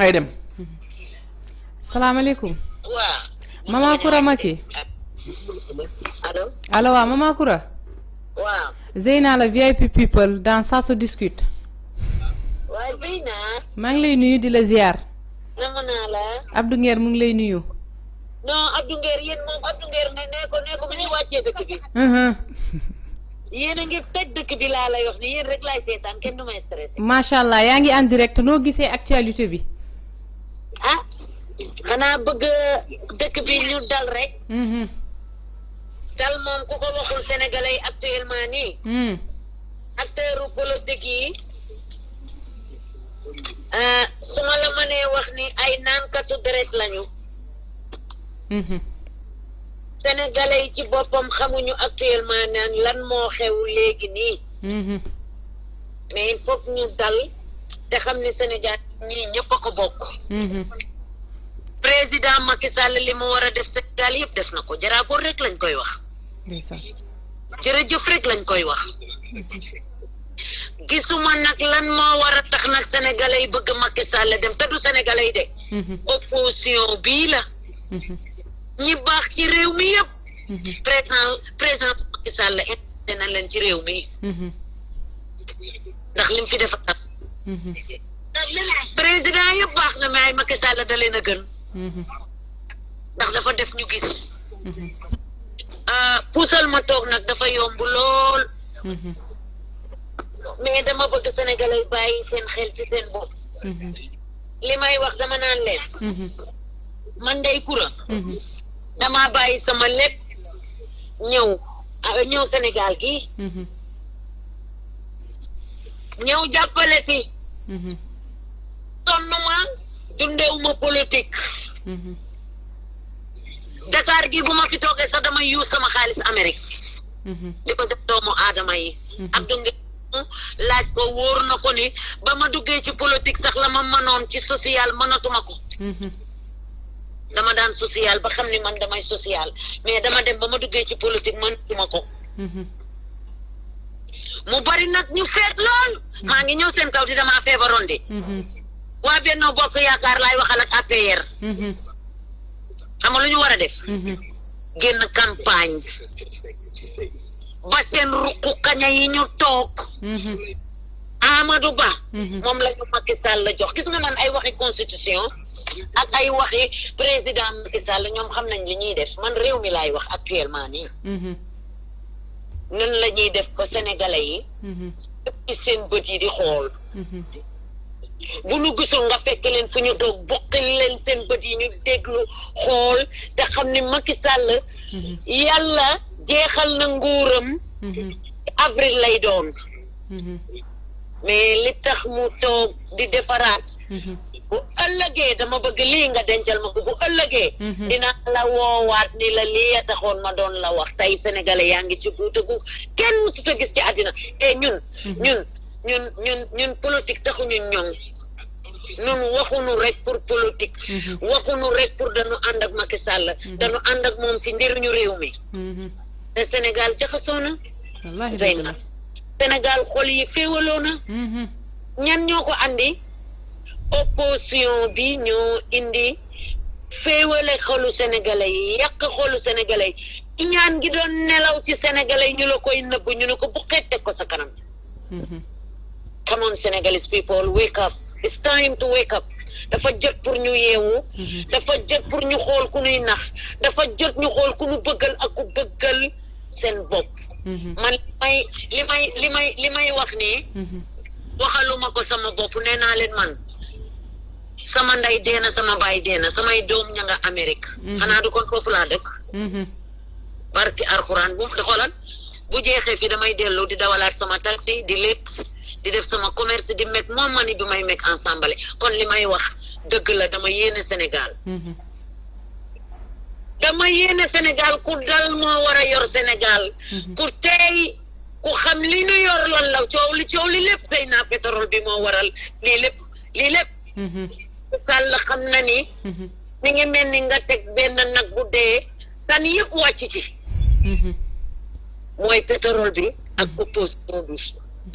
ngay dem salam alaykum wa mama kura maki allo allo wa mama kura wa Zeyna la VIP people dans sa so discute wa Zeyna maa ngi lay nuyu di la ziar nama naa la Abdou Nguer mu ngi lay nuyu non Abdou Nguer yeen mom Abdou Nguer ne ne ko ne ko bu ñuy wàccee dëkk bi hmm a ngi toj dekk bi la lay wax ni yeen rek lay seetaan kenn du stressé machallah allah ngi en direct no gisee actualité bi ah xanaa bëgg dëkk bi ñu dal rek. Mm-hmm. dal moom ku ko waxul sénégalais yi actuellement nii. Mm-hmm. acteuru politique yi ah, su ma la mënee wax ni ay naankatu deret lañu. Mm-hmm. sénégalais yi ci boppam xamuñu actuellement naan lan moo xew léegi nii. mais il faut ñu dal. te xam ni Sénégal ñii ñëpp a ko bokk. Mhm. président Macky Sall li mu war a def Sénégal yëpp def na ko jaraakoor rek lañ koy wax. jërëjëf rek lañ koy wax. gisuma nag lan moo war a tax nag sénégalais yi bëgg Macky Sall dem te du sénégalais yi de. Mhm. opposition bii la. Mhm. ñi baax ci réew mi yëpp. présent présence Macky Sall indi na leen ci réew mi. ndax lim fi defar. président yëpp baax na mais ay Macky Sall da a gën. Mhm. ndax dafa def ñu gis. Mhm. Euh, puusal ma toog nag dafa yomb lool. Mhm. mais dama bëgg Sénégalais yi bàyyi seen xel ci seen bopp. li may wax dama naan leen. man day kura. damaa bàyyi sama lépp ñëw euh, ñëw Sénégal gi ñëw jàppale si. sonn mm-hmm. ma dundeewuma politique mm-hmm. Dakar gi bu ma fi toogee sax damay yuus sama xaalis Amérique mm-hmm. di ko def doomu aadama yi Abdou Nguer laaj ko wóor na ko ni ba ma duggee ci politique sax la ma mënoon ci social mënatuma ko dama daan social ba xam ne man damay social mais dama dem ba ma duggee ci politique mënatuma ko mu bari nak ñu feet lool ma ngi ñew seen kaw di fébaron feebaroon hmm wa Benno Bokk yaakar lay waxal ak APR xam nga lu ñu wara a hmm genn campagne ba seen ruqu kaña yi ñu hmm Amadou Ba mom la ñu Macky Sall la jox gis nga man ay waxi constitution ak ay waxi président Macky Sall ñom xam nañ li ñuy def man réew mi lay wax actuellement hmm nan la ñuy def ko sénégalais yi mhm. ëppi seen bët yi di xool mhm. bu nu gisul nga fekk leen fu ñu toog bokkil leen seen bët yi ñu déglu xool te xam ne Macky sàll mhm. yàlla jeexal na nguuram avril lay doon mais li tax mu toog di defaraat mhm. bu ëllëgee dama bëgg lii nga dencal ma ko bu ëllëgee mhm. dina la woowaat ni la lii a taxoon ma doon la wax tey sénégalais yaa ngi ci guutagu kenn musut a gis ci àddina e ñun mhm. ñun ñun ñun ñun politique taxuñu ñoŋ ñun waxuñu rek pour politique waxuñu rek pour dañu ànd ak Macky Sall dañu ànd ak moom ci njëriñu réew mi te Sénégal jaxasoo na Zeynab Sénégal xol yi féewaloo na mhm. ñan ñoo ko andi opposition bi ñoo indi féewale xolu sénégalais yi yàq xolu sénégalais yi ñaan gi doon nelaw ci sénégalais yi ñu la koy nëbb ñu ne ko bu xette ko sa kanam mhm. come on Senegalese people wake up it's time to wake up dafa jot pour ñu yeewu mhm. dafa jot pour ñu xool ku ñuy nax dafa jot ñu xool ku ñu bëggal ak ku bëggal seen bopp Mm-hmm. man li may li may li may li may wax nii. Mm-hmm. waxaluma ko sama bopp nee naa leen man sama ndey dee na sama baay dee na samay doom ñanga nga Amérique. Mm-hmm. xanaa du kon foofu laa dëkk. barki arxuraan bu xoolal bu jeexee fii damay delloo di dawalaat sama taxi di létt di def sama commerce di mekk moom ma ni bi may mekk ensemble kon li may wax dëgg la dama yéene Sénégal. dama yéene Sénégal ku dal moo war a yor Sénégal mhm. ku tey ku xam li nu yor lan la coow li coow li lépp sëy naa pétrole bi moo waral lii lépp lii lépp mhm. sàll xam na ni mhm. mi ngi mel ni nga teg benn nag bu dee tan wàcc ci mooy pétrole bi ak opposition bi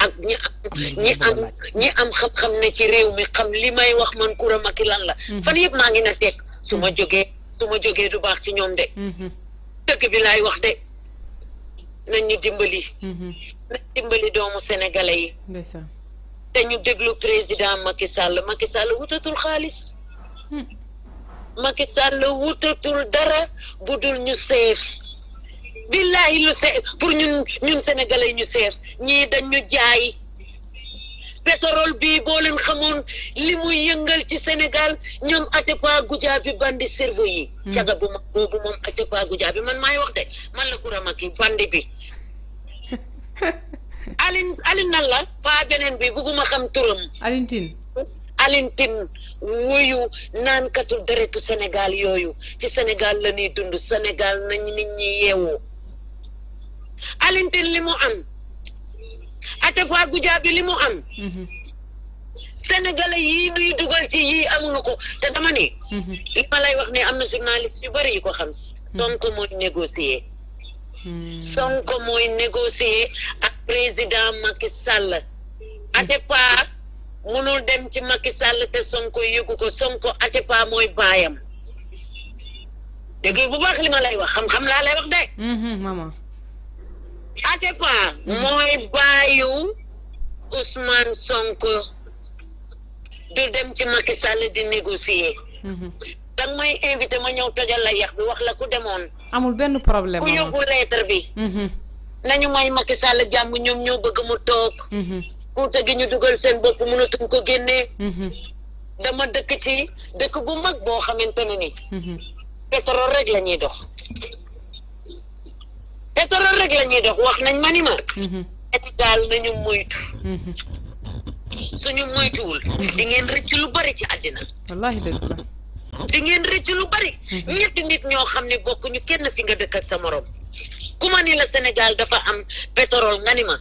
ak ñi am ñi am ñi xam-xam ne ci réew mi xam li may wax man Coura Macky lan la fan yëpp maa ngi na teg su ma jógee su ma jógee du baax ci ñoom de mhm. dëgg bi laay wax de nañ ñu dimbali mhm. nañ dimbali doomu sénégalais yi te déglu président Macky Sall Macky Sall wutatul xaalis hmm. Macky Sall wutatul dara bu dul ñu seef billaahi lu seef pour ñun ñun sénégalais ñu seef ñii dañu jaay pétrole bii boo leen xamoon li muy yëngal ci Sénégal ñoom Atepa Goudiaby bandi cerveau yi. Hmm. caga bu mag boobu moom Atepa Goudiaby man maay wax de man la Koura Macky bandi bi. Aline Aline nan la paa beneen bi bugguma xam turam. Aline Tine. Aline Tine wuyu naankatu deretu Sénégal yooyu ci Sénégal la ñuy dund Sénégal nañ nit ñi yeewoo Aline Tine li mu am. des fois bi li mu am. Mhm. Sénégalais yi nuy dugal ci yii amuñu ko te dama ne. Mhm. li ma lay wax ne am na journaliste yu bëri yu ko xam. Mhm. Sonko mooy négocier. Sonko mooy négocier ak président Macky Sall. Atepa mënul dem ci Macky sàll te Sonko yëgu ko Sonko Atepa mooy baayam déglu bu baax li ma lay wax xam-xam laa lay wax de. Atepa mooy baayu Ousmane Sonko du dem ci Macky Sall di négocier. Mhm. danga may invité ma ñëw tojal la yax bi wax la ku demoon. amul benn problème ku yóbbu lettre bi. Mhm. nañu may Macky Sall jàmm ñoom ñoo bëgg mu toog. Mhm. kuute gi ñu dugal seen bopp mënatuñ ko génnee. dama dëkk ci dëkk bu mag boo xamante ne ni. pétrole rek la ñuy dox. pétrole rek la ñuy dox wax nañ ma ni ma. Mhm. Sénégal nañu moytu. Mhm. suñu moytuwul. Mhm. di ngeen rëcc lu bari ci àddina. wallaahi dëgg la. di ngeen rëcc lu bari. ñetti nit ñoo xam ne bokkuñu kenn fi nga dëkk ak sa moroom ku ma ni la senegal dafa am pétrole nga ni ma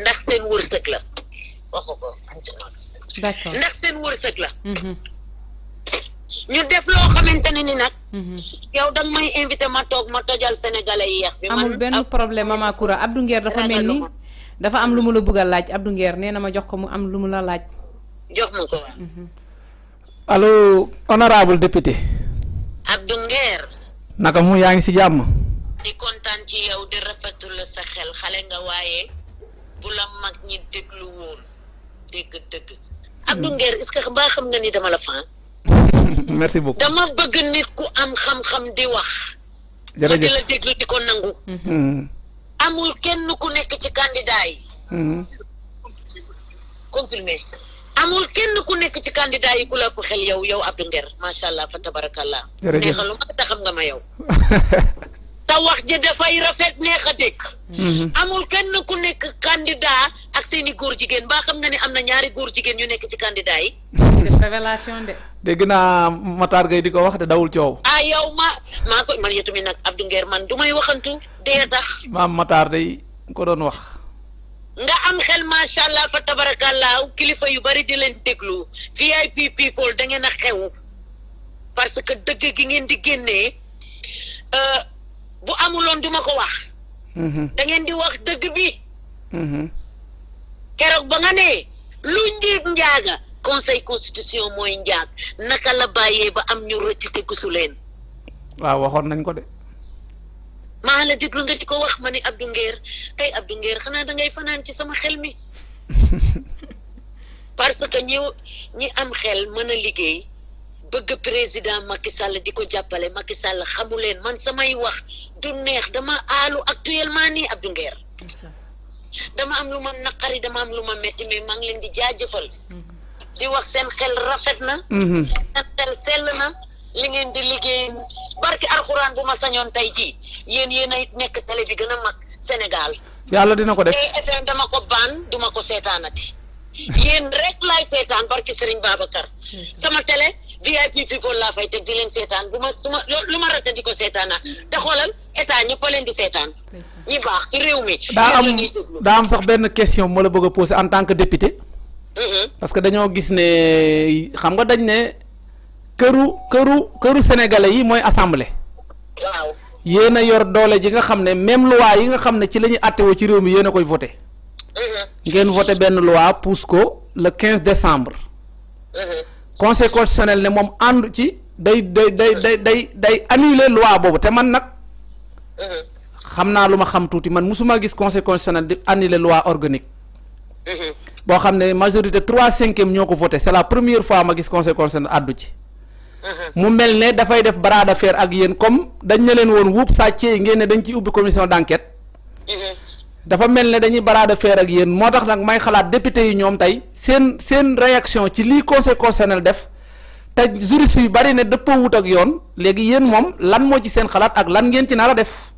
ndax seen wërsëg la ndax seen wërsëg la. ñu def lo xamanteni ni nak mhm. yow dang may invité ma tok ma tojal sénégalais yi yéex bi. man amul problème Mama koura Abdou Nguer dafa melni dafa am lu mu la bëggal a laaj Abdou Nguer nee na ma jox ko mu am lu mu la laaj. jox mu ko mhm. allo honorable député. Abdou Nguer. naka mu yaangi ci jamm di contane ci yow di le sa xel xalé nga wayé bu la mag ñi déglu woon dégg dëgg. Abdou hmm. Nguer est-ce que ba xam nga ni dama la fan merci beaucoup dama bëgg nit ku am xam-xam di wax. jërëjëf di la déglu diko ko nangu. Mm-hmm. amul kenn ku nekk ci candidat yi. Mm-hmm. confirmé amul kenn ku nekk ci candidat yi ku la ko xel yow yow Abdou ma sha allah fa tabarakallah. jërëjëf neexalu ma ta xam nga ma yow. ta wax ji dafay rafet neex dekk dégg. Mm-hmm. amul kenn ku nekk candidat ak seeni i jigen ba xam nga ni am ñaari góor jigen yu nekk ci candidat yi. def révélation de. dégg naa Matar Gueye di ko wax te dawul coow. ah yow ma maa ko man yëtu nag Abdou Nguer man du may waxantu dee tax. maam Matar day ko doon wax. nga am xel macha allah fa tabarakallah kilifa yu bari di leen déglu VIP people da a xew parce que dëgg gi ngeen di génnee euh, bu amuloon duma ko wax. Mm-hmm. dangeen di wax dëgg bi. Mm-hmm. keroog ba nga ne lu njiit njaaga. conseil constitution moy ndiak naka la baye ba am ñu rëcc te gisu leen waaw waxoon nañ ko de ma la déglu nga di ko wax ma Abdou Nguer tey Abdou Nguer xana da ngay fanan ci sama xel mi parce que ñi ñi am xel mëna liggéey bëgg président Macky Sall di jappalé Macky Sall xamu man samay wax du neex dama alu actuellement ni Abdou Nguer dama am luma nakari dama am luma metti mais ma ngi leen di jaajëfal mm-hmm di wax seen xel rafet na mhm. seen xel sell na li ngeen di liggéey barki alxuraan bu ma sañoon tey jii yéen yéen a nekk télé bi gën a mag Sénégal yàlla dina ko def FM dama ko baan duma ko seetaanati yéen rek lay seetaan barki Serigne Babacar sama télé VIP people laa fay teg di leen seetaan bu ma su lu ma rate di ko seetaan te xoolal état ñëpp leen di seetaan ñi baax ci réew mi daa am daa am sax benn question moo la bëgg a en tant que député Mm-hmm. parce que dañoo gis ne xam nga dañ ne këru këru këru sénégalais yi mooy assemblée. waaw yéen a yor doole ji nga xam ne même loi yi nga xam ne ci la ñuy àttewoo ci réew mi yéen a koy voté. Mm-hmm. ngeen voté benn loi pousse ko le quinze décembre. Mm-hmm. conseil constitutionnel ne moom ànd ci day day day day day day annuler loi boobu te man nag. xam naa lu ma xam tuuti man musuma gis conseil constitutionnel di annuler loi organique. boo xam ne majorité trois cinquième ñoo ko voté c'est la première fois ma gis conseil constitutionnel addu ci mhm. mu mel ne dafay def bras de ak yéen comme dañ ne leen woon wuub sàccee ngeen ne dañ ciy ubbi commission d'enquête mhm. dafa mel ne dañuy bras de fer ak yéen moo tax nag may xalaat député yi ñoom tey seen seen réaction ci lii conseil constitutionnel def te juriste yu bari ne dëppoo wut ak yoon léegi yéen moom lan moo ci seen xalaat ak lan ngeen ci nar a def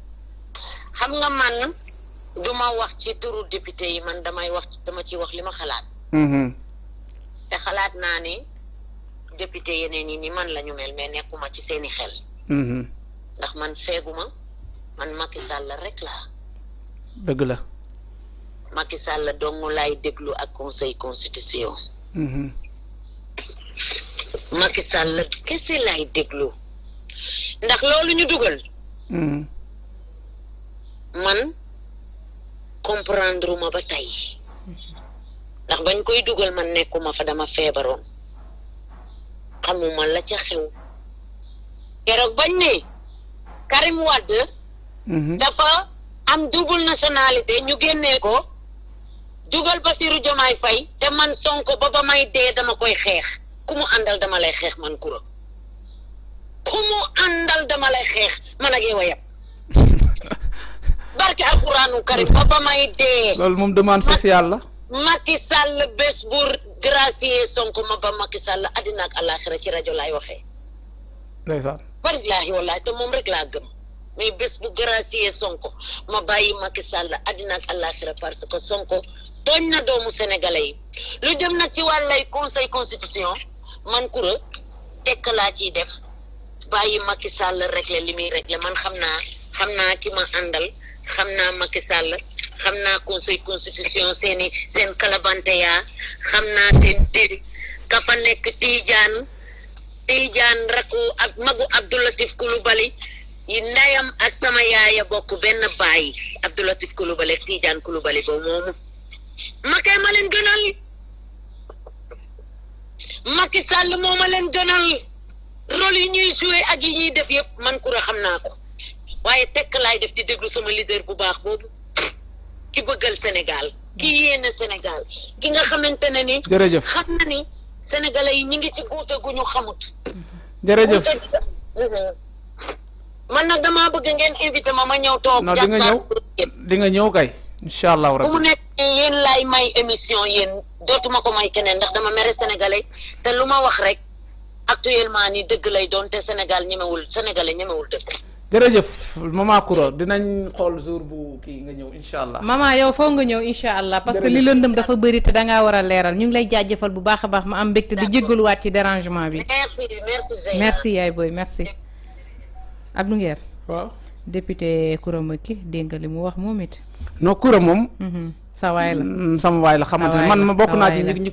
xam nga du ma wax ci turu dépité yi man damay wax dama ci wax li ma xalaat. Mm-hmm. te xalaat naa ni député yeneen yi ni man lañu mel mais nekkuma ci seeni xel. Mm-hmm. ndax man feeguma man Macky Sall rekk laa. dëgg la. Macky Sall dong laay déglu ak conseil constitution. Mm-hmm. Macky Sall kese laay déglu ndax loolu ñu dugal. man. comprendre ma ba tey ndax bañ koy dugal man nekkuma fa dama feebaroon xamuma la ca xew keroog bañ ne Karim Wade mhm. dafa am double nationalité ñu génnee ko dugal Basiru Jomaay Fay te man Sonko ba ba may dee dama koy xeex ku mu àndal dama lay xeex man kura ku mu dama lay xeex man ak yow a barke alxuraanu karim ba ba may dee. loolu moom demande sociale la. Macky Sall bés bu gracier Sonko ma ba Macky Sall àddina ak àllaaxira ci rajo laay waxee. ndeysaan. wallaahi te moom rek laa gëm mais bés bu gracier Sonko ma bàyyi Macky Sall àddina ak àllaaxira parce que Sonko tooñ na doomu sénégalais yi lu jëm nag ci wàllay conseil constitution man kura tekk laa ciy def bàyyi Macky sàll réglé li muy réglé man xam naa xam naa ki ma àndal. xamna makisal, Macky Sall xamna conseil constitution sen sen kalabante ya, xamna sen dir ka fa nek tidiane tidiane rakku ak magu Abdoulatif Coulibaly yi ndayam ak sama yaaya bokk benn baay kulu bali ak Tiijaan Coulibaly boobu moomu makai ma leen gënal Macky Sall moo ma leen gënal rôle yi ñuy joué ak yi ñuy def yëpp man kura xam naa ko waaye tekk laay def di déglu sama leader bu baax boobu ki bëggal Sénégal ki yéene Sénégal ki nga xamante ne ni. jërëjëf xam na ni sénégalais yi ñu ngi ci guute gu ñu xamut. jërëjëf mhm. man nag damaa bëgg a ngeen invité ma ma ñëw toog. non di nga ñëw di nga ñëw kay. incha allahu rabbi bu mu nekk yéen laay may émission yéen dootuma ko may keneen ndax dama mere sénégalais te lu ma wax rek actuellement ni dëgg lay doon te Sénégal ñemewul sénégalais ñemewul dëgg. jërëjëf maman Koura dinañ xool jour bu kii nga ñëw incha allah. maman yow foo nga ñëw incha allah. parce que li lëndëm dafa bëri te da ngaa war a leeral ñu ngi lay jaajëfal bu baax a baax ma am mbégte di jéggaluwaat ci dérangement bi. merci yaay booy merci. Abdou Nguer. waaw dépité Koura Macky dégg nga li mu wax moom it. non Koura moom. Mhm. sa waay la mm, sama waay la xamante man ma bokk naa ci ñi